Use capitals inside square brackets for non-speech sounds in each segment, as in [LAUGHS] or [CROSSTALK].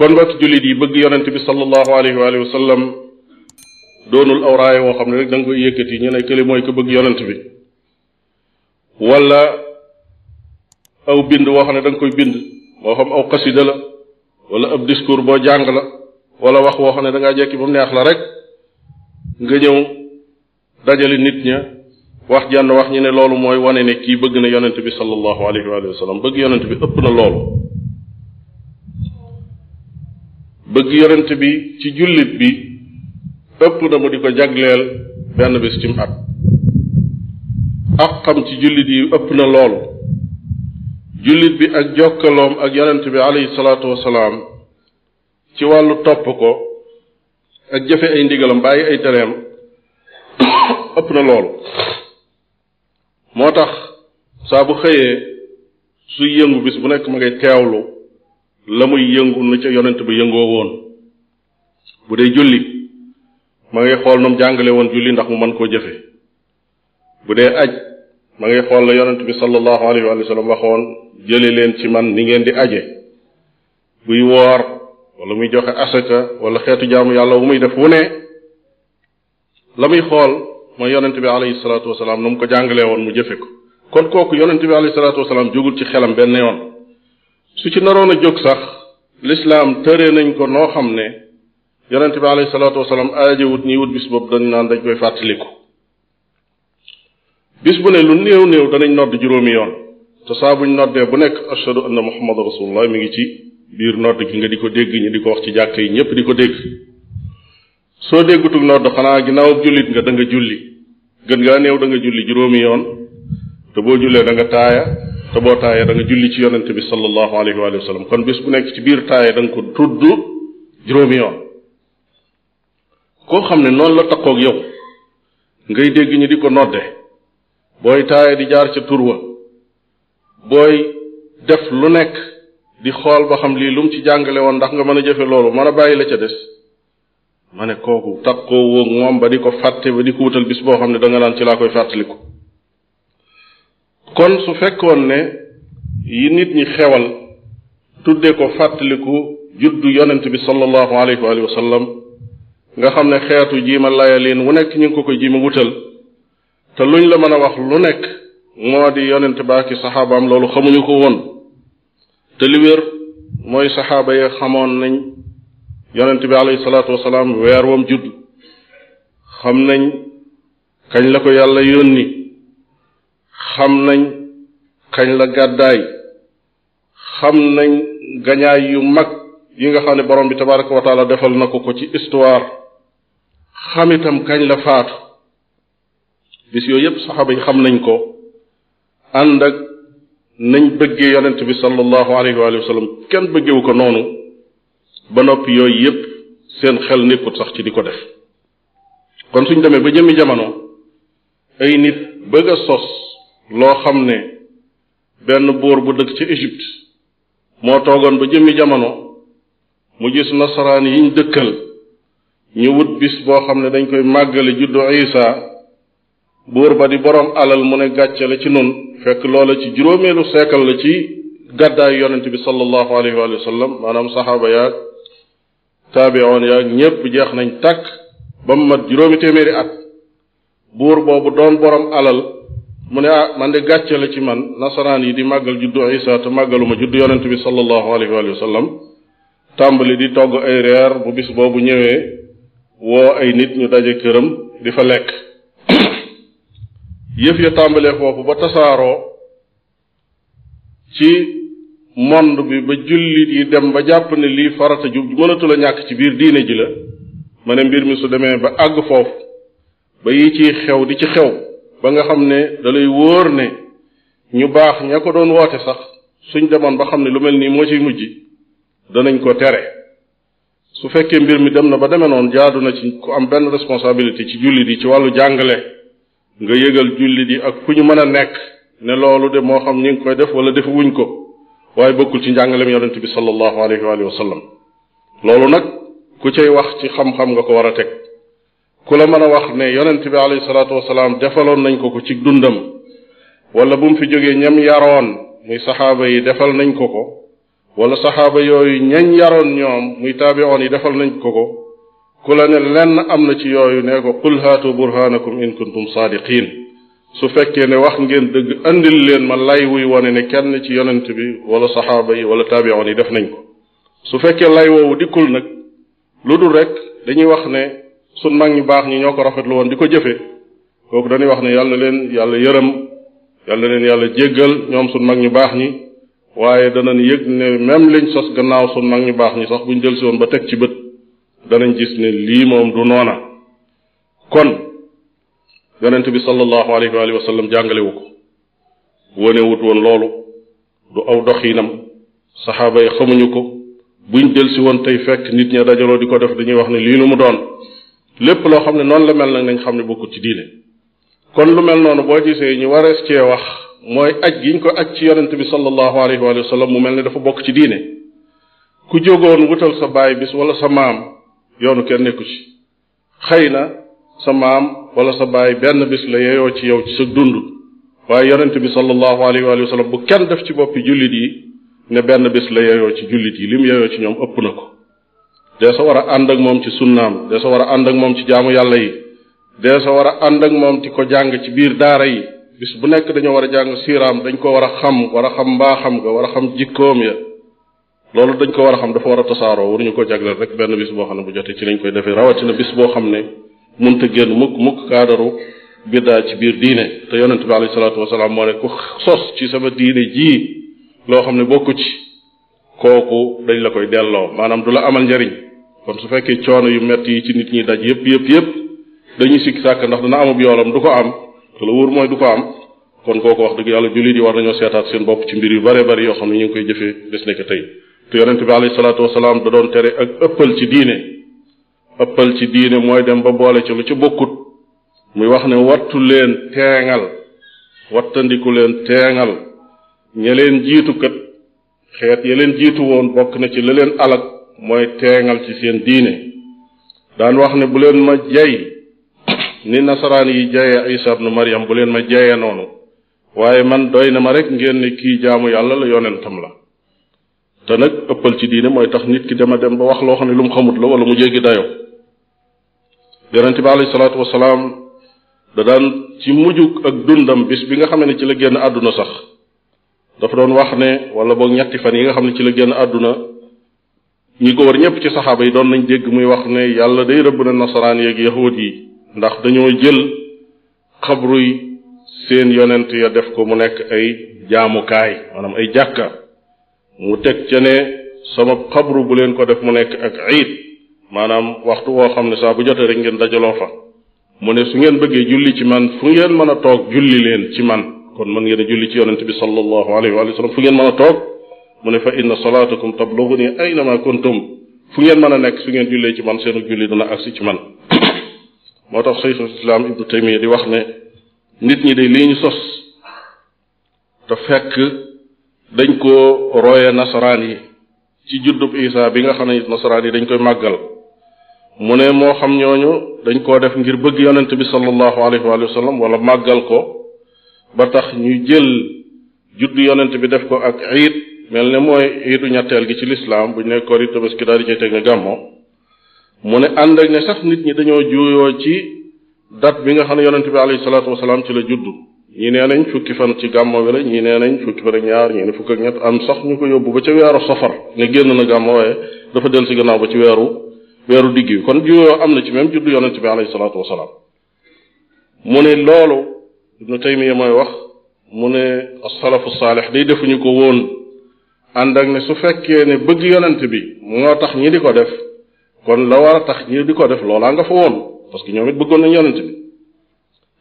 kon mbokki jullit yi bëgg yonent bi sallallahu alayhi wa sallam doonul aw raaya woo xam ne rek da nga koy yëkkati ñu ne kële mooy ko bëgg yonent bi wala aw bind woo xam ne da koy bind moo xam aw xasida la wala ab discours boo jàng la wala wax woo xam ne da ngaa jekki ba mu neex la rek nga ñëw dajale nit ña wax jànn wax ñi ne loolu mooy wane ne kii bëgg na yonent bi sallallahu alayhi wa sallam bëgg yonent bi ëpp na loolu bëgg yonent bi ci jullit bi ëpp na mu di ko jagleel benn bés cim at ak xam ci jullit yi ëpp na lool jullit bi ak jokkaloom ak yonent bi alayhi salaatu wasalaam ci wàllu topp ko ak jëfe ay ndigalam bàyyi ay tereem [COUGHS] ëpp na lool moo tax saa bu xëyee suy yëngu bis bu nekk ma ngay teewlu la muy yëngu na ca yonent bi yëngoo woon bu dee julli maa ngi xool noom jàngale woon julli ndax mu man koo jëfe bu dee aj maa ngi xool la yonent bi sallallahu alayhi wa sallam waxoon jële leen ci man ni ngeen di aje buy woor wala muy joxe asaka wala xeetu jaamu yàlla wu muy def wu ne la muy xool mooy yonent bi alayhi salaatu wasalaam nu mu ko jàngalee woon mu jëfe ko kon kooku yonent bi alayhi salaatu wasalaam jugul ci xelam benn yoon su ci naroon a jóg sax lislaam tëree nañ ko noo xam ne yonent bi alayhi salaatu wasalaam aajewut ñiy wut bis boobu dañ naan dañ koy fàttaliku bis bu ne lu néew néew danañ nodd juróomi yoon te saa buñ noddee bu nekk ashadu anna muhammad rasulullah mi ngi ci biir nodd gi nga di ko dégg ñi di ko wax ci jàkk yi ñépp di ko dégg soo déggutug nodd xanaa ginnaaw ab jullit nga da nga julli gën ngaa néew da nga julli juróomi yoon te boo jullee danga nga taaya te boo taayee da nga julli ci yonent bi sallallahu alayhi wa sallam kon bis bu nekk ci biir taayee da ko tudd juróomi yoon koo xam ne noonu la takkoog yow ngay dégg ñi di ko nodde booy taayee di jaar ca tur wa booy def lu nekk di xool ba xam lii lu mu ci jàngale woon ndax nga mën a jëfe loolu mën a bàyyi la ca des ma ne kooku takkoo woog moom ba di ko fàtte ba di ko wutal bis boo xam ne da nga naan ci laa koy fàttaliku kon su fekkoon ne yi nit ñi xewal tudde ko fàttaliku juddu yonent bi sallallahu alayhi wa sallam nga xam ne xeetu jiima laya leen wu nekk ñu ngi ko ko ma wutal te luñ la mën a wax lu nekk moo di yonent baa ki saxaabaam loolu xamuñu ko woon te li wér mooy saxaaba ya xamoon nañ yonent bi alayhi salaatu wasalaam weer woom judd xam nañ kañ la ko yàlla yónni xam nañ kañ la gàddaay xam nañ gañaay yu mag yi nga xam ne borom bi tabaraka wa taala defal na ko ko ci histoire xam itam kañ la faatu bis yooyu yépp saxaaba yi xam nañ ko ànd ak nañ bëggee yonent bi sallallahu alayhi wa sallam kenn bëggewu ko noonu ba noppi yooyu yépp seen xel nekkut sax ci di ko def kon suñ demee ba jëmmi jamono ay nit bëgg sos loo xam ne benn buur bu dëkk ci Égypte moo toogoon ba jëmmi jamono mu gis nasaraan yiñ dëkkal ñu wut bis boo xam ne dañ koy màggale juddu Isa buur ba di boroom alal mu ne gàcce ci nun fekk loola ci juróomeelu seekal la ci gàddaay yonent bi sallallahu alayhi wa sallam maanaam saxaaba yaag taabiyoon yaag ñépp jeex nañ tàkk ba mu mat juróomi téeméeri at buur boobu doon boroom alal mu ne ah man de gàcce la ci man nasaraan yi di màggal juddu isa te màggaluma juddu yonent bi sallallahu alayhi wa sallam tàmbali di togg ay reer bu bis boobu ñëwee woo ay nit ñu daje këram di fa lekk yëf ya tàmbalee foofu ba tasaaroo ci monde bi ba jullit yi dem ba jàpp ne lii farata ju mënatul ñàkk ci biir diine ji la ma ne mbir mi su demee ba àgg foofu ba yi ciy xew di ci xew ba nga xam ne dalay wóor ne ñu baax ña ko doon woote sax suñ demoon ba xam ne lu mel nii moo ciy mujj danañ ko tere su fekkee mbir mi dem na ba demee noon jaadu na ci ku am benn responsabilité ci jullit yi ci wàllu jàngale nga yëgal jullit yi ak fu ñu mën a nekk ne loolu de moo xam ñu ngi koy def wala defu wuñ ko waaye bokkul ci njàngalem yonent bi sallallahu alayhi wa sallam loolu nag ku cay wax ci xam-xam nga ko war a teg ku la mën a wax ne yonent bi alayhi salaatu salaam defaloon nañ ko ko ci dundam wala bu mu fi jógee ñam yaroon muy saxaaba yi defal nañ ko ko wala saxaaba yooyu ñen yaroon ñoom muy taabiroon yi defal nañ ko ko ku la ne lenn am na ci yooyu nee ko qul haatu burhanakum in kuntum saadiqin su fekkee ne wax ngeen dëgg andil leen ma lay wuy wane ne kenn ci yonent bi wala saxaaba yi wala taabiroon yi def nañ ko su fekkee lay woowu dikkul nag lu dul rek dañuy wax ne sun mag ñu baax ñi ñoo ko rafetlu woon di ko jëfe kooku dañuy wax ne yàlla leen yàlla yërëm yàlla leen yàlla jéggal ñoom sun mag ñu baax ñi waaye danañ yëg ne même liñ sos gannaaw ñu baax ñi sax buñ jël si woon ba teg ci bët danañ gis ne lii moom du noona kon yonent bi sallallahu alayhi wa sallam jàngalewu ko wonewut woon loolu du aw doxiinam saxaaba yi xamuñu ko buñ jël si woon tey fekk nit ña dajaloo di ko def dañuy wax ne lii lu mu doon lépp loo xam ne noonu la mel nag nañ xam ne bokkut ci diine kon lu mel noonu boo gisee ñu warees cee wax mooy aj gi ñu ko aj ci yonente bi sallallahu alayhi wa sallam mu mel ni dafa bokk ci diine ku jógoon wutal sa baay bis wala sa maam yoonu kenn nekku ci xëy na sa maam wala sa baay benn bis la yeyoo ci yow ci sa dund waaye yonente bi sallallahu alayhi wa sallam bu kenn def ci boppi jullit yi ne benn bis la yeyoo ci jullit yi lim yeyoo ci ñoom ëpp ko dee sa war a ànd ak moom ci sunnaam dee sa war a ànd ak moom ci jaamu yàlla yi dee sa war a ànd ak moom ci ko jàng ci biir daara yi bis bu nekk dañoo war a jàng siiraam dañ ko war a xam war a xam mbaaxam nga war a xam jikkoom ya loolu dañ ko war a xam dafa war a tasaaroo waruñu ko jagleel rek benn bis boo xam ne bu jotee ci lañ koy defee rawatina bis boo xam ne mënta génn muk mukk kaadaru biddaa ci biir diine te yonente bi alayhi salaatu wasalaam moo ne ku sos ci sama diine jii loo xam ne bokk ci kooku dañ la koy delloo maanaam du amal njariñ kon su fekkee coono yu metti yi ci nit ñi daj yëpp yëpp yëpp dañuy sikki sàkk ndax dana amub yoolam du ko am te la wóor mooy du ko am kon kooku wax dëgg yàlla jullit yi war nañoo seetaat seen bopp ci mbir yu bare bari yoo xam ne ñu ngi koy jëfee des nekk tey te yonente bi alayhi salaatu wasalaam da doon tere ak ëppal ci diine ëppal ci diine mooy dem ba boole ci lu ci bokkut muy wax ne wattu leen teengal wattandiku leen teengal ña leen jiitu kat xeet ya jiitu woon bokk na ci la leen alak mooy teengal ci seen diine daan wax ne bu leen ma jay ni nasaraan yi jayee isa ibnu mariam bu leen ma jayee noonu waaye man doy na ma rek ngeen ne kii jaamu yàlla la yonentam la te nag ëppal ci diine mooy tax nit ki dama dem ba wax loo xam ne lu mu xamut la wala mu jéggi dayo yonente bi alayhi salaatu wasalaam da daan ci mujjug ak dundam bis bi nga xam ne ci la génn àdduna sax dafa doon wax ne wala boog ñetti fan yi nga xam ne ci la génn àdduna ñi ko war ñëpp ci saxaaba yi doon nañ dégg muy wax ne yàlla day rëbb na nasaraan yeeg yahuud yi ndax dañoo jël xabruy seen yonent ya def ko mu nekk ay jaamukaay maanaam ay jàkka mu teg ci ne sama xabru bu leen ko def mu nekk ak iid maanaam waxtu woo xam ne saa bu jotee rek ngeen dajaloo fa mu ne su ngeen bëggee julli ci man fu ngeen mën a toog julli leen ci man kon mën ngeen a julli ci yonent bi sallallahu alayhi fu ngeen mën a toog mu ne fa inna salaatakum tablughuni aynama kuntum fu ngeen mën a nekk su ngeen jullee ci man seenu julli ak agsi ci man moo tax sayxul islaam ibnu taymiya di wax ne nit ñi de lii ñu sos te fekk dañ ko roye nasaraan yi ci juddub isaa bi nga xam ne nasaraan yi dañ koy màggal mu ne moo xam ñooñu dañ koo def ngir bëgg yonent bi sallallahu alayhi wa sallam wala màggal ko ba tax ñu jël juddu yonent bi def ko ak iid mel ne mooy iidu ñetteel gi ci lislaam bu ñu ne koor yi tabaski daal di cay teg ne gàmmo mu ne ànd ak ne sax nit ñi dañoo juuyoo ci date bi nga xam ne yonent bi alayhi salaatu wasalaam ci la juddu ñii nee nañ fukki fan ci gàmmo bi la ñii nee nañ fukki fan ak ñaar ñii ne fukk ak ñett am sax ñu ko yóbbu ba ca weeru safar ne génn na gàmmo waaye dafa del si gannaaw ba ci weeru weeru digg bi kon juuyoo am na ci même juddu yonent bi alayhi salaatu wasalaam mu ne loolu ibnu taymiya mooy wax mu ne asalafu saalix day defuñu ko woon ànd ak ne su fekkee ne bëgg yonent bi moo tax ñi di ko def kon la war a tax ñi di ko def loolaa nga fa woon parce ñoom it bëggoon nañ yonent bi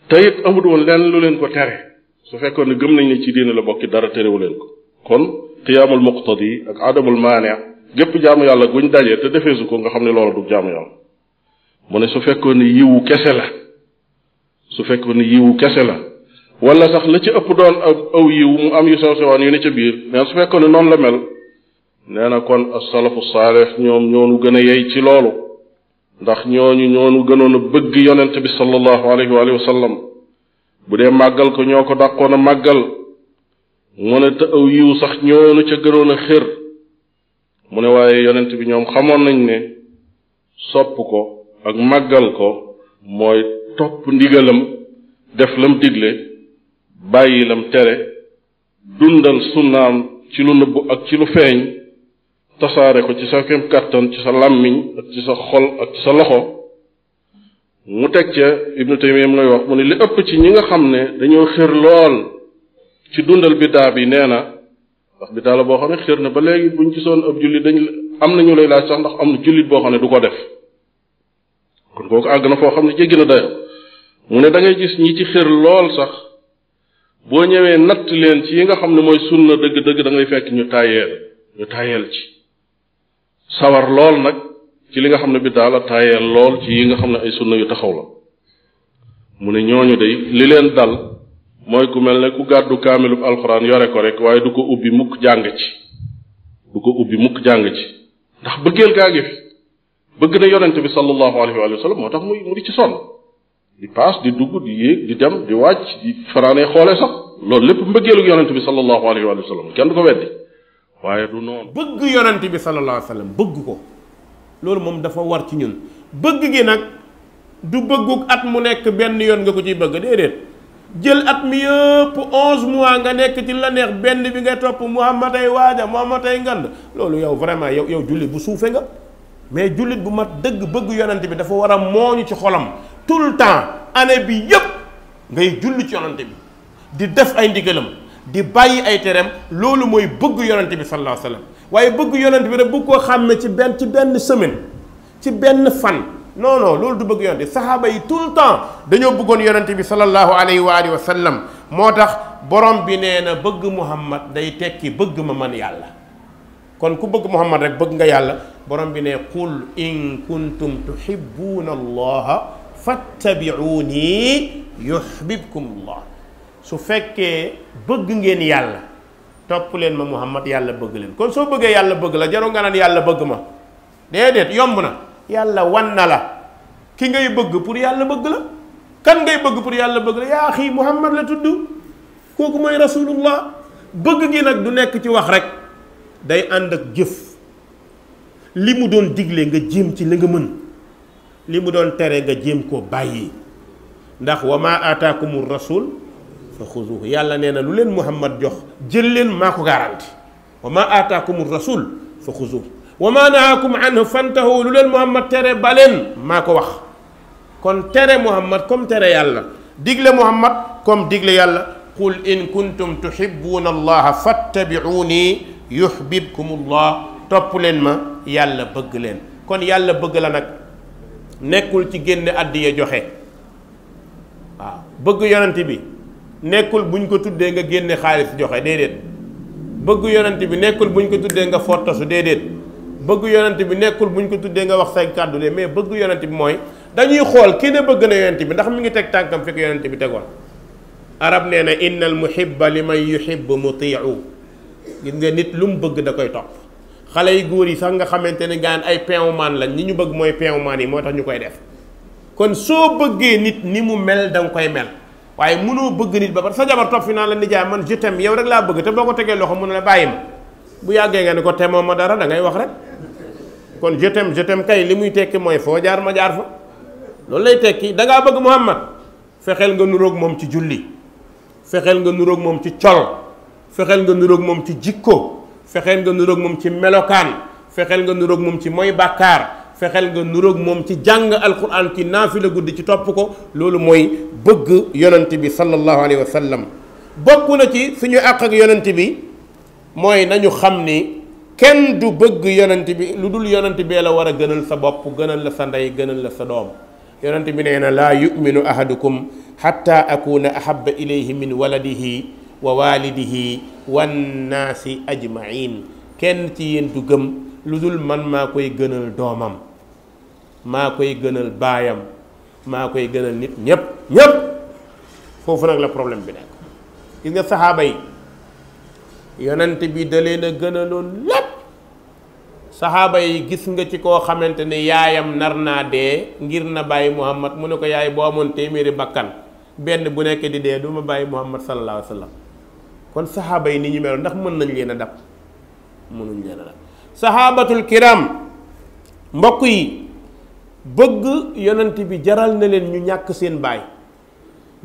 te it amul woon lenn lu leen ko tere su fekkoon ne gëm nañ ne ci diine la bokki dara terewu leen ko kon qiyaamul muqtadi ak adamul maane gépp jaamu yàlla guñ dajee te defeesu ko nga xam ne loola du jaamu yàlla mu ne su fekkoon ne yiwu kese la su fekkoon ne yiwu kese la wala sax la ci ëpp doon ak aw yiw mu am yu sew sewaan yu ne ca biir neen su fekkoon ne noonu la mel nee na kon asalafu saalix ñoom ñoonu gën a yey ci loolu ndax ñooñu ñoonu gënoon a bëgg yonent bi sallallahu alayhi wa sallam bu dee màggal ko ñoo ko dàqoon a màggal mu ne te aw yiw sax ñoonu ca gënoon a xër mu ne waaye yonent bi ñoom xamoon nañ ne sopp ko ak màggal ko mooy topp ndigalam def lam digle bàyyi lam tere dundal sunnaam ci lu nëbbu ak ci lu feeñ tasaare ko ci sa kem kàttan ci sa làmmiñ ak ci sa xol ak ci sa loxo mu teg ca ibnu taymiya mooy mu ne li ëpp ci ñi nga xam ne dañoo xër lool ci dundal biddaa bi nee na ndax biddaa boo xam ne xër na ba léegi buñ gisoon ab jullit dañ am na ñu lay laaj sax ndax am jullit boo xam ne du ko def kon kooku àgg na foo xam ne jéggi na dayo mu ne da gis ñi ci xër lool sax boo ñëwee natt leen ci yi nga xam ne mooy sunna dëgg-dëgg dangay ngay fekk ñu tayeel ñu tayeel ci sawar lool nag ci li nga xam ne bi daal a tayeel lool ci yi nga xam ne ay sunna yu taxaw la mu ne ñooñu day li leen dal mooy ku mel ne ku gàddu kaamilub alxuraan yore ko rek waaye du ko ubbi mukk jàng ci du ko ubbi mukk jàng ci ndax bëggeel gaa ngi fi bëgg na yonent bi sallallahu alayhi wa sallam moo tax muy mu di ci sonn di pas di dugg di yéeg di dem di wàcc di fanaanee xoole sax loolu lépp mbëggeelu yonente bi sallallahu alayhi wa sallam kenn du ko weddi waaye du noonu bëgg yonente bi sallallahu alayhi wa sallam bëgg ko loolu moom dafa war ci ñun bëgg gi nag du bëgguk at mu nekk benn yoon nga ko ciy bëgg déedéet jël at mi yëpp onze mois nga nekk ci la neex benn bi nga topp muhammad ay waaja muhammad ay ngand loolu yow vraiment yow yow jullit bu suufe nga mais jullit bu mat dëgg bëgg yonente bi dafa war a mooñu ci xolam tout le temps ané bi yëpp ngay julli ci yonante bi di def ay ndigalam di bàyyi ay terem lolu moy bëgg yonante bi sallallahu alayhi wasallam waye waaye bëgg yonante bi rek bu ko xam ci ben ci ben semaine ci ben fan non non lolu du bëgg yonante sahaba yi tout le temps dañu bëggoon yonante bi sallallahu alayhi wa alihi wa sallam borom bi neena na bëgg muhammad day tekki bëgg ma man yàlla kon ku bëgg muhammad rek bëgg nga yàlla borom bi ne qul in kuntum tuhibbuna allaha fattabi'uni yuhbibkumullah su fekkee bëgg ngeen yàlla topp leen ma Muhammad yàlla bëgg leen kon soo bëggee yàlla bëgg la jarul nga naan yàlla bëgg ma déedéet yomb na yàlla wan na la ki ngay bëgg pour yàlla bëgg la kan ngay bëgg pour yàlla bëgg la yaa xii Muhammad la tudd kooku mooy rasulullah bëgg gi nag du nekk ci wax rek day ànd ak jëf li mu doon digle nga jéem ci la nga mën li mu doon tere nga jéem ko bàyyi ndax wama maa rasul fa yàlla neena lu len muhammad jox jël len mako garanti wama maa rasul fa wama wa maa anhu fantahu lu len muhammad tere balen mako wax kon tere muhammad comme tere yàlla digle muhammad comme digle yàlla qul in kuntum tuhibbuuna allaha fattabi'uuni yuhbibkum allah topp leen ma yàlla bëgg leen kon yàlla bëgg la nekkul ci génne àddiya joxe waaw bëgg yonent bi nekkul buñ ko tuddee nga génne xaalis joxe déedéet bëgg yonent bi nekkul buñ ko tuddee nga fottasu déedéet bëgg yonent bi nekkul buñ ko tuddee nga wax say kàddu de mais bëgg yonent bi mooy dañuy xool kii ne bëgg na yonent bi ndax mi ngi teg tànkam fi ko yonent bi tegoon arab nee na innal muhibba liman yuhibbu mutii'u gis nga nit lu mu bëgg da koy topp xale yu góor yi sax nga xamante ne gaan ay man lañ ñi ñu bëgg mooy peewumaan yi moo tax ñu koy def kon soo bëggee nit ni mu mel da koy mel waaye mënoo bëgg nit ba ba sa jabar topp fi naan la nijaay man je yow rek laa bëgg te boo ko tegee loxo mu ne la bàyyi ma bu yàggee nga ne ko temoo ma dara da ngay wax rek kon je t'aime je kay li muy tekki mooy foo jaar ma jaar fa loolu lay tekki da ngaa bëgg Muhammad fexeel nga nuroog moom ci julli fexeel nga nuroog moom ci col fexeel nga nuroog moom ci jikko fexel nga nuroog moom ci melokaan fexel nga nuroog moom ci moy bàkkaar fexel nga nuroog moom ci jàng alquran ci naafila gudd ci topp ko loolu mooy bëgg yonent bi sallallahu alayhi wa sallam bokk na ci suñu àq ak yonent bi mooy nañu xam ni kenn du bëgg yonent bi lu dul yonent bee la war a gënal sa bopp gënal la sa ndey gënal la sa doom yonent bi nee na laa yuminu ahadukum xatta akuna ahabba ilayhi min waladihi wa waalidihi wannaasi ajmain kenn ci yéen du gëm lu dul man maa koy gënal doomam maa koy gënal baayam maa koy gënal nit ñépp ñépp foofu nag la problème bi nekk gis nga saxaaba yi yonent bi da leen gënaloon lépp saxaaba yi gis nga ci koo xamante ne yaayam nar naa dee ngir na bàyyi muhammad mu ne ko yaay boo amoon téeméeri bàkkan benn bu nekk di dee du ma bàyyi muhammad sallallahu alayhi wa sallam kon saxaaba yi ni ñu meloon ndax mën nañ leen a dab mënuñ leen a dab saxaabatul kiram mbokk yi bëgg yonant bi jaral na leen ñu ñàkk seen baay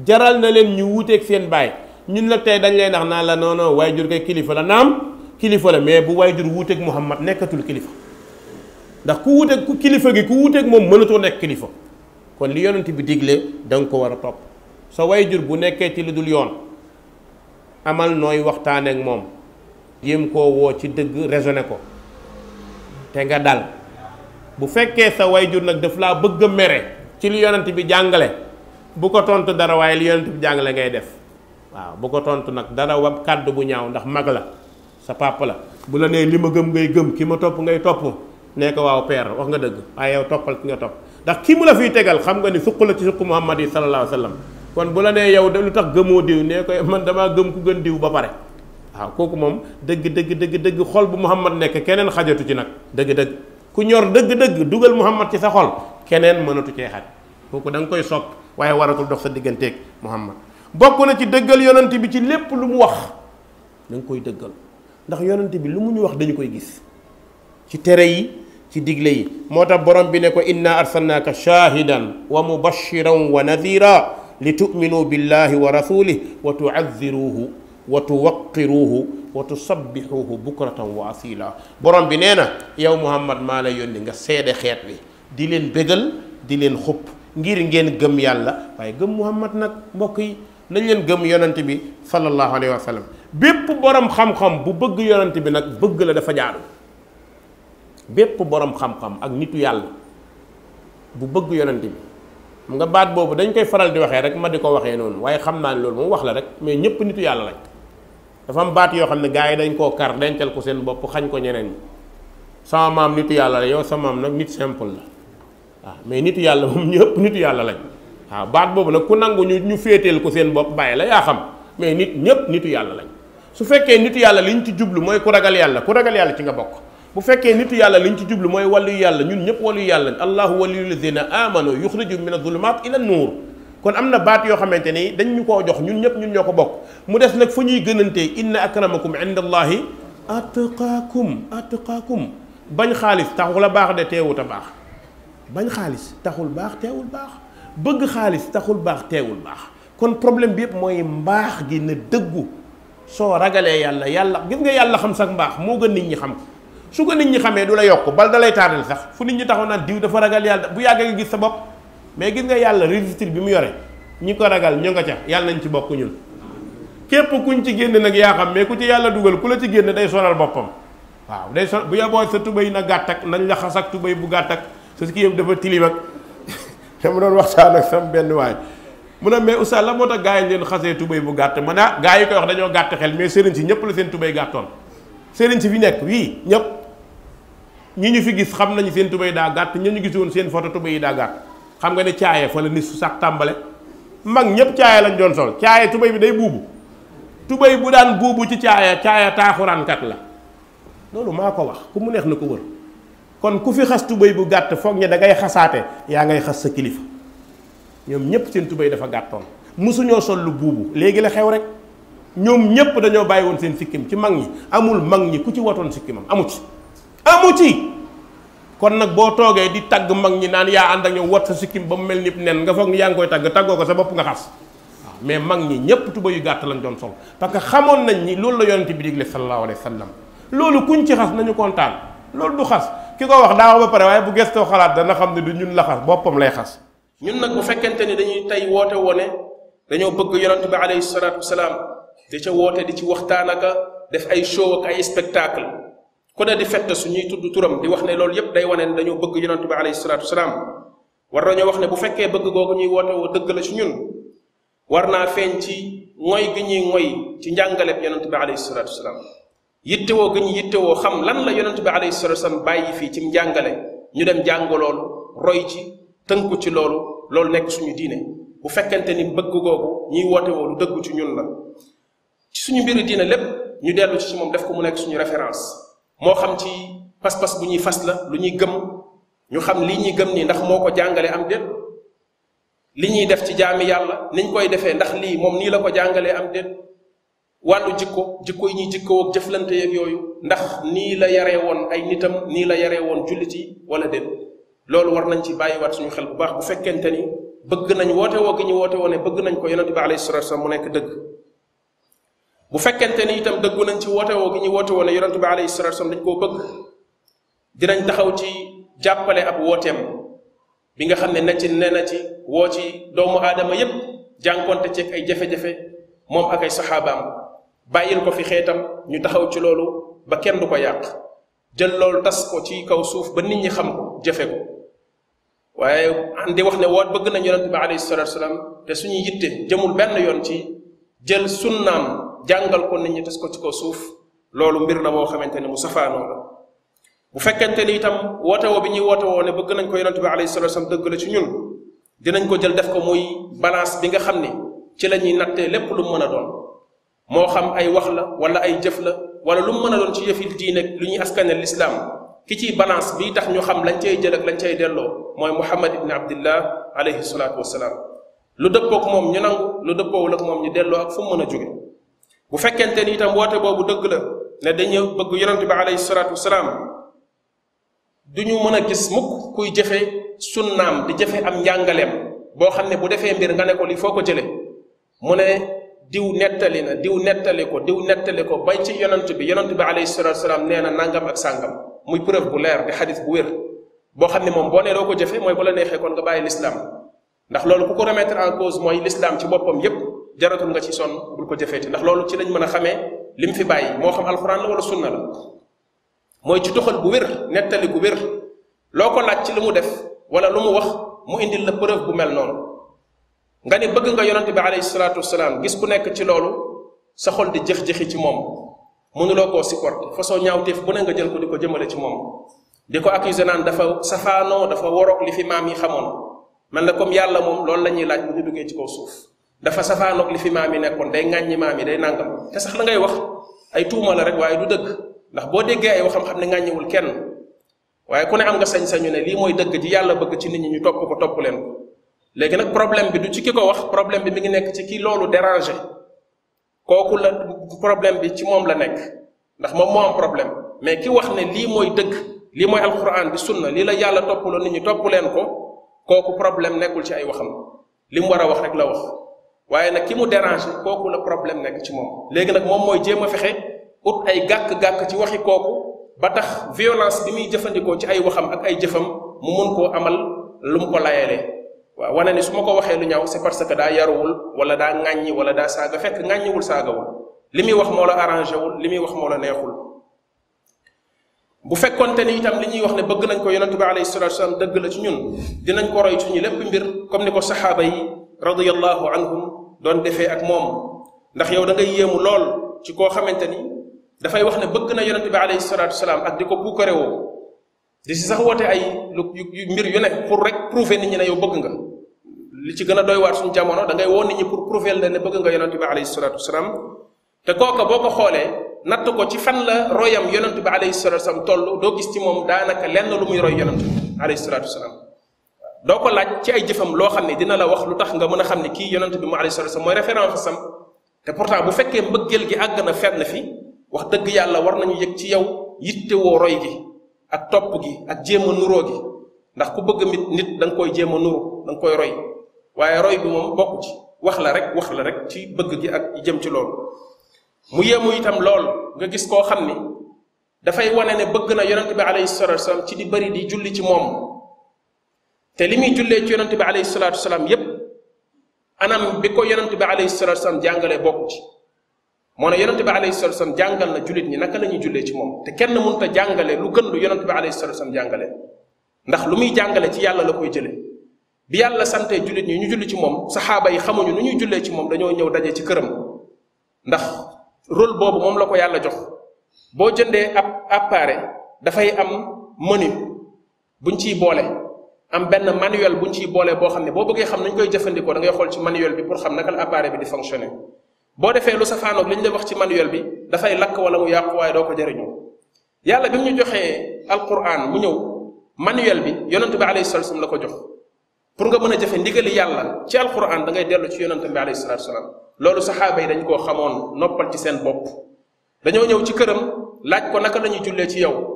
jaral na leen ñu wuuteeg seen baay ñun la tey dañ lay nax naa la non non waajur kay kilifa la naam kilifa la mais bu waajur wuuteeg Muhammad nekkatul kilifa ndax ku wuuteeg ku kilifa gi ku wuuteeg moom mënatoo nekk kilifa kon li yonent bi digle da nga ko war a topp sa waajur bu nekkee ci lu dul yoon. amal nooy waxtaaneek moom jéem koo woo ci dëgg raisonné ko te nga dal bu fekkee sa jur nag daf laa bëgg a mere ci li yonent bi jàngale bu ko tontu dara waaye li yonent bi jàngale ngay def waaw bu ko tontu nag dara wa kàddu bu ñaaw ndax mag la sa papa la bu la nee li ma gëm ngay gëm ki ma topp ngay topp nee ko waaw père wax nga dëgg waaye yow toppal ki nga topp ndax ki mu la fiy tegal xam nga ni suq la ci suq Muhammad yi sallallahu alayhi wa sallam kon bu la nee yow de lu tax gëmoo diw nee koy man damaa gëm ku gën diw ba pare waaw kooku moom dëgg dëgg dëgg dëgg xol bu Muhammad nekk keneen xajatu ci nag dëgg-dëgg ku ñor dëgg-dëgg dugal Muhammad ci sa xol keneen mënatu cee xaj kooku da nga koy sopp waaye waratul dox sa digganteeg Muhammad bokk na ci dëggal yonante bi ci lépp lu mu wax da koy dëggal ndax yonent bi lu mu ñu wax dañu koy gis ci tere yi ci digle yi moo tax borom bi ne ko inna arsalnaaka shaahidan wa mubashiran wa nadira لتؤمنوا بالله ورسوله وتعذروه وتوقروه وتصبحوه بكرة وأصيلا برام بنينا يا محمد ما لا يوني نغا سيدة خير بي دي لين بيغل دي لين خب نغير نغير نغم يالا باي غم محمد نك موكي نغير غم يوننتي بي صلى الله عليه وسلم بيب برام خم خم بو بغ يوننتي بي نك بغ لدى فجار بيب برام خم خم اك نتو يالا بو بغ يوننتي بي mu nga baat boobu dañ koy faral di waxee rek ma di ko waxee noonu waaye xam naa ne loolu moom wax la rek mais ñëpp nitu yàlla lañ dafa am baat yoo xam ne gars yi dañ koo kar dencal ko seen bopp xañ ko ñeneen ñi sama maam nitu yàlla la yow sa maam nag nit simple la waaw mais nitu yàlla moom ñëpp nitu yàlla lañ waaw baat boobu nag ku nangu ñu ñu féeteel ko seen bopp bàyyi la yaa xam mais nit ñëpp nitu yàlla lañ su fekkee nitu yàlla liñ ci jublu mooy ku ragal yàlla ku ragal yàlla ci nga bokk bu fekkee nitu yàlla liñ ci jublu mooy wàllu yàlla ñun ñëpp wàllu yàlla allahu waliyul ladina amanu yuxriju min azulumat ila nuur kon am baat yoo xamante dañ ñu koo jox ñun ñëpp ñun ñoo ko mu des nag fu ñuy inna akramakum inda allahi atqaakum bañ xaalis taxul baax de teewut a baax bañ xaalis taxul baax teewul baax bëgg xaalis taxul baax teewul baax kon problème bi yëpp mooy mbaax gi na dëggu soo ragalee yàlla yàlla gis nga yàlla xam sax mbaax moo gën nit ñi xam ko su ko nit ñi xamee du la yokk bal dalay lay sax fu nit ñi taxaw naan diw dafa ragal yàlla bu yàggee nga gis sa bopp mais gis nga yàlla registre bi mu yore ñi ko ragal ñu nga ca yàlla nañ ci bokk ñun. képp kuñ ci génn nag yaa xam mais ku ci yàlla dugal ku la ci génn day sonal boppam waaw day son bu yaboo sa tubéy na gàtt ak nañ la xas ak tubéy bu gàtt ak sa kii yëpp dafa tilim ak te [LAUGHS] mu doon wax waxtaan ak sam benn waay mu a mais oustaz la moo tax gars yi leen xasee tubéy bu gàtt man ah gars yi koy wax dañoo gàtt xel mais sëriñ si ñëpp la seen tubéy gàttoon sëriñ si fi nekk wii ñëpp ñi ñu fi gis xam nañu seen tubéy daa gàtt ñi ñu gis woon seen photo tubéy yi daa gàtt xam nga ne caaye fa la nit su sax tàmbale mag ñëpp caaye lañ doon sol caaye tubéy bi day buubu tubéy bu daan buubu ci caaya caaya taaxuraankat la loolu maa ko wax ku mu neex na ko wër kon ku fi xas tubéy bu gàtt foog ñe da ngay xasaate yaa ngay xas sa kilifa ñoom ñëpp seen tubéy dafa gàttoon mosuñoo sol lu buubu léegi la xew rek ñoom ñëpp dañoo bàyyi woon seen sikkim ci mag ñi amul mag ñi ku ci watoon sikkimam amu ci amu ci kon nag boo toogee di tagg mag ñi naan yaa ànd ak ñoom wat sa sikkim ba mu mel ni nen nga foog yaa ngi koy tagg taggoo ko sa bopp nga xas waaw mais mag ñi ñépp tuba yu gàtt lañ doon sol parce que xamoon nañ ni loolu la yonent bi digle sallallahu alayhi wa sallam loolu kuñ ci xas nañu kontaan loolu du xas ki ko wax daa wax ba pare waaye bu gëstoo xalaat dana xam ne du ñun la xas boppam lay xas ñun nag bu fekkente ni dañuy tey woote wone dañoo bëgg yonent bi alayhi salaatu wasalaam te woote di ci waxtaan ak def ay show spectacle ku de di fett suñuy tudd turam di wax ne loolu yépp day wane ne bëgg yonent bi alayhi salaatu wasalaam war nañoo wax ne bu fekkee bëgg googu ñuy woote woo dëgg la ci ñun war naa feeñ ci mooy gi ñuy mooy ci njàngaleb yonent bi alayhi salaatu wasalaam yittewoo gi ñu yittewoo xam lan la yonent bi alayhi salaatu wasalaam bàyyi fii ci njàngale ñu dem jàng loolu roy ci tënku ci loolu loolu nekk suñu diine bu fekkente ni bëgg googu ñuy woote woo lu ci ñun la suñu mbiru diine lépp ñu dellu ci moom def ko mu nekk suñu référence moo xam ci pas-pas bu ñuy fas la lu ñuy gëm ñu xam lii ñuy gëm nii ndax moo ko jàngale am déet li ñuy def ci jaami yàlla niñ koy defee ndax lii moom nii la ko jàngalee am déet wàllu jikko jikko yi ñuy jikkoo ak jëflante yeeg yooyu ndax nii la yaree woon ay nitam nii la yaree woon jullit yi wala déet loolu war nañ ci bàyyiwaat suñu xel bu baax bu fekkente ni bëgg nañu woote woo gi ñu woote woo ne bëgg nañ ko yonente bi alayhi salatu wasallam mu nekk dëgg bu fekkente ni itam dëggu nañ ci wote woo gi ñu wote woon ne yonente bi alayhi salatu wasallam dañ koo bëgg dinañ taxaw ci jàppale ab wooteem bi nga xam ne na ci ne na ci woo ci doomu aadama yépp jànkonte ci ay jafe-jafe moom ak ay saxaabaam bàyyil ko fi xeetam ñu taxaw ci loolu ba kenn du ko yàq jël loolu tas ko ci kaw suuf ba nit ñi xam ko jëfe ko waaye di wax ne woot bëgg nañ yonente bi alayhi salatu wasalam te suñu yitte jëmul benn yoon ci jël sunnaam jàngal ko nit ñi tes ko ci ko suuf loolu mbir la moo xamante ne mu safaanoo la bu fekkente ni itam woote woo bi ñuy woote woo ne bëgg nañ ko yonente bi alayhi salatu wasallam dëgg la ci ñun dinañ ko jël def ko muy balance bi nga xam ci la ñuy nattee lépp lu mën a doon moo xam ay wax la wala ay jëf la wala lu mën a doon ci yëfi diine lu ñuy askanel lislaam ki ci balance bi tax ñu xam lañ cay jël ak lañ cay delloo mooy muhammad ibn abdillah alayhi salatu wasalaam lu dëppook moom ñu nangu lu dëppoowul ak moom ñu delloo ak fu mën a jóge bu fekkente ni itam woote boobu dëgg la ne dañu bëgg yonente bi alayhi salaatu wasalaam duñu mën a gis mukk kuy jëfe sunnaam di jëfe am njàngaleem boo xam ne bu defee mbir nga ne ko li foo ko jële mu ne diw nettali na diw nettali ko diw nettali ko bay ci yonent bi yonent bi alayhi salatu wasalaam nee na nangam ak sàngam muy preuve bu leer di xadis bu wér boo xam ne moom boo nee doo ko jëfe mooy bu la neexee kon nga bàyyi lislaam ndax loolu ku ko remettre en cause mooy lislaam ci boppam yépp jaratul nga ci son bul ko jëfeeti ndax lolu ci lañ mëna xamé lim fi bàyyi mo xam alquran la wala sunna la moy ci doxal bu wér netali bu wér loko lacc ci limu def wala lumu wax mu indi la preuve bu mel non nga ni bëgg nga yonante bi alayhi salatu wassalam gis ku nekk ci lolu sa xol di jëx-jëxi ci munu loko support fa so ñaawteef bu ne nga jël ko diko jëmele ci mom diko accuser nan dafa safano dafa worok li fi mam yi xamone man la comme yàlla mom loolu lañuy laaj bu ñu ci ko suuf dafa safaanoog li fi maam yi nekkoon day ŋàññi maam yi day nàngam te sax la ngay wax ay tuuma la rek waaye du dëgg ndax boo déggee ay waxam xam ne ŋàññiwul kenn waaye ku ne am nga sañ-sañu ne lii mooy dëgg di yàlla bëgg ci nit ñi ñu topp ko topp leen ko léegi nag problème bi du ci ki ko wax problème bi mu ngi nekk ci ki loolu déranger kooku la problème bi ci moom la nekk ndax moom moo am problème mais ki wax ne lii mooy dëgg lii mooy alquran bi sunna lii la yàlla toppaloo nit ñi topp leen ko kooku problème nekkul ci ay waxam li mu war a wax rek la wax waaye nag ki mu dérange kooku la problème nekk ci moom léegi nag moom mooy jéem a fexe ut ay gàkk-gàkk ci waxi kooku ba tax violence bi muy jëfandikoo ci ay waxam ak ay jëfam mu mun koo amal lu mu ko layalee waaw wane ni su ma ko waxee lu ñaw c'est parce que daa yaruwul wala daa ŋàññi wala daa saaga fekk ŋàññiwul saagawul li muy wax moo la arrangé wul li muy wax moo la neexul bu te ni itam li ñuy wax ne bëgg nañ ko yonente bi alayhi salatu wasalam dëgg la ci ñun dinañ ko roy ci comme ni ko saxaaba yi radiyallahu anhum doon defee ak moom ndax yow da nga yéemu lool ci koo xamante ni dafay wax ne bëgg na yonente bi alayhi salatu wasalaam ak di ko puukare woo di si sax woote ay lu mbir yu ne pour rek prouver nit ñi ne yow bëgg nga li ci gën a doy waar suñu jamono da ngay woo nit ñi pour prouver la ne bëgg nga yonente bi alayhi salatu wasalaam te kooka boo ko xoolee natt ko ci fan la royam yonente bi alayhi salatu wasalaam toll doo gis ci moom daanaka lenn lu muy roy yonente bi alayhi salatu wasalaam doo ko laaj ci ay jëfam loo xam ne dina la wax lu tax nga mën a xam ne kii yonent bi mu alayhi salatu mooy référence sam te pourtant bu fekkee mbëggeel gi àgg na fenn fi wax dëgg yàlla war nañu yëg ci yow yitte woo roy gi ak topp gi ak jéem a nuroo gi ndax ku bëgg nit nit da nga koy jéem a nuru da nga koy roy waaye roy bi moom bokk ci wax la rek wax la rek ci bëgg gi ak jëm ci loolu mu yéemu itam lool nga gis koo xam ni dafay wane ne bëgg na yonent bi alayhi salatu wasalam ci di bari di julli ci moom te li muy jullee ci yonent bi alayhi salaam yépp anam bi ko yonent bi alayhi salaatu salaam jàngalee bokku ci moo ne yonent bi alayhi salaatu salaam jàngal na jullit ñi naka la ñuy ci moom te kenn mënut a jàngale lu gën lu yonent bi alayhi salaatu salaam jàngale ndax lu muy jàngale ci yàlla la koy jëlee bi yàlla sante jullit ñi ñu julli ci moom saxaaba yi xamuñu nu ñuy jullee ci moom dañoo ñëw daje ci këram ndax rôle boobu moom la ko yàlla jox boo jëndee ab appareil dafay am menu buñ ciy boole am benn manuel bu ñu ci boolee boo xam ne boo bëggee xam nañ koy jëfandikoo da ngay xool ci manuel bi pour xam naka la appareil bi di fonctionner boo defee lu safaanoog li ñu la wax ci manuel bi dafay lakk wala mu yàqu waaye doo ko jëriñoo yàlla bi mu ñu joxee alquran mu ñëw manuel bi yonent bi alayhi salatu la ko jox pour nga mën a jëfe ndigali yàlla ci alquran da ngay dellu ci yonent bi alayhi salatu salaam loolu saxaaba yi dañ koo xamoon noppal ci seen bopp dañoo ñëw ci këram laaj ko naka la ñuy ci yow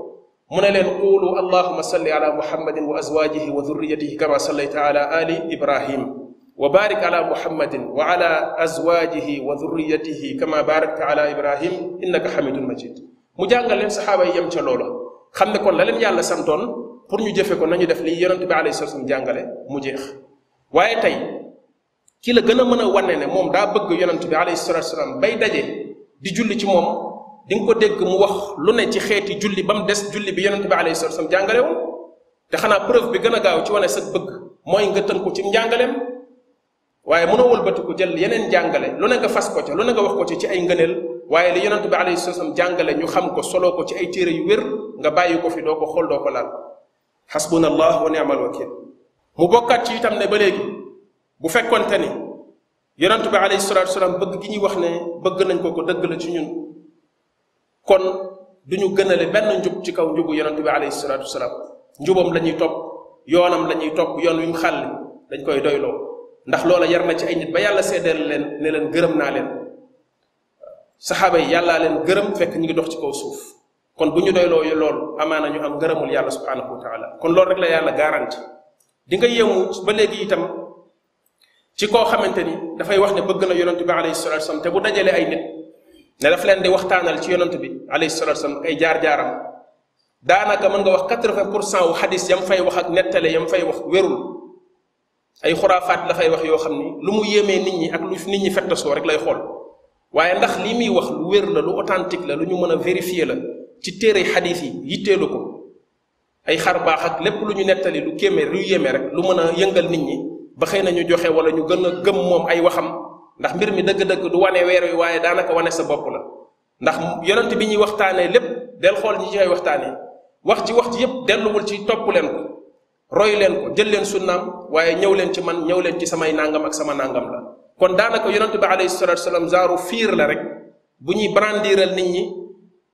من لين قولوا اللهم صل على محمد وأزواجه وذريته كما صليت على آل إبراهيم وبارك على محمد وعلى أزواجه وذريته كما باركت على إبراهيم إنك حميد مجيد مجانغال لين صحابة يم تلولا خمنا كون لين يالا سنتون pour ñu jëfé ko nañu def li yonent bi alayhi sallam jàngale mu jeex waaye tey ki la gën a mën a wane ne moom daa bëgg yonent bi alayhi salatu bay daje di julli ci di nga ko dégg mu wax lu ne ci xeeti julli bam mu des julli bi yonente bi alayhi salatu wasallam jàngale won te xana preuve bi gëna gaaw ci wone sa bëgg mooy nga tënku ci njàngaleem waaye mënoo wëlbatiku jël yeneen jàngale lu ne nga fas ko ca lu ne nga wax ko ca ci ay ngëneel waaye li yonente bi alayhi salatu wasallam jàngale ñu xam ko solo ko ci ay téere yu wér nga bàyyi ko fi doo ko xol doo ko laal xasbuna wa ni'mal wakeel mu bokkaat ci itam ne ba léegi bu fekkonte ni yonente bi alayhi salatu wasallam bëgg gi ñuy wax ne bëgg nañ ko ko dëgg la ci ñun kon du ñu gënale benn njub ci kaw njubu yonente bi alayhi salaatu wasalaam njubam la ñuy topp yoonam la ñuy topp yoon wi mu xàll dañ koy doyloo ndax loola yar na ci ay ba yàlla seedeel leen ne leen gërëm naa leen saxaaba yi yàllaa leen gërëm fekk ñu ngi dox ci kaw suuf kon bu ñu doyloo loolu amaana ñu am gërëmul yàlla subhaanahu wa taala kon loolu rek la yàlla garanti di nga yemu ba léegi itam ci koo xamante ni dafay wax ne bëgg na yonente bi alayhi salatu wasalam te bu dajalee ay nit ne daf leen di waxtaanal ci yonent bi alayhi salatu wasalam ay jaar jaaram daanaka mën nga wax 80 wu hadith yam fay wax ak netale yam fay wax wérul ay khurafat la fay wax yoo xam ni lu mu yeme nit ñi ak lu nit ñi fettasoo rek lay xool waaye ndax li muy wax lu wér la lu authentique la lu ñu mën a vérifier la ci téere hadith yi yitteelu ko ay xar baax ak lépp lu ñu nettali lu kéeme lu yeme rek lu mën a yëngal nit ñi ba xëy na ñu joxe wala ñu gën a gëm moom ay waxam ndax mbir mi dëgg-dëgg du wane weer wi waaye daanaka wane sa bopp la ndax yonent bi ñuy waxtaanee lépp del xool ñi ci ay waxtaanee wax ci wax ci yépp delluwul ci topp leen ko roy leen ko jël leen sunnaam waaye ñëw leen ci man ñëw leen ci samay nangam ak sama nangam la kon daanaka yonent bi alayhi salatu salaam zaaru fiir la rek bu ñuy brandiral nit ñi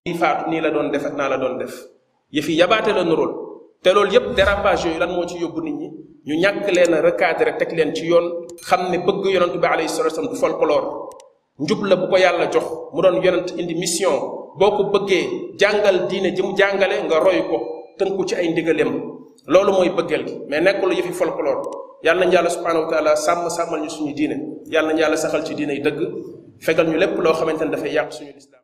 di faatu nii la doon def ak naa la doon def yëf yi yabaate la nurul te loolu yépp dérapage yooyu lan moo ci yóbbu nit ñi ñu ñàkk leen a recadré teg leen ci yoon xam ne bëgg yonent bi alayhi salatu wasallam du folklore njub la bu ko yàlla jox mu doon yonent indi mission boo ko bëggee jàngal diine ji mu jàngale nga roy ko tënku ci ay ndigalem loolu mooy bëggeel gi mais nekkul yëfi folklore yàlla nañ yàlla subhanahu wa taala sàmm sàmmal ñu suñu diine yàlla nañ yàlla saxal ci diine yi dëgg fegal ñu lépp loo xamante ne dafay yàq suñu lislaam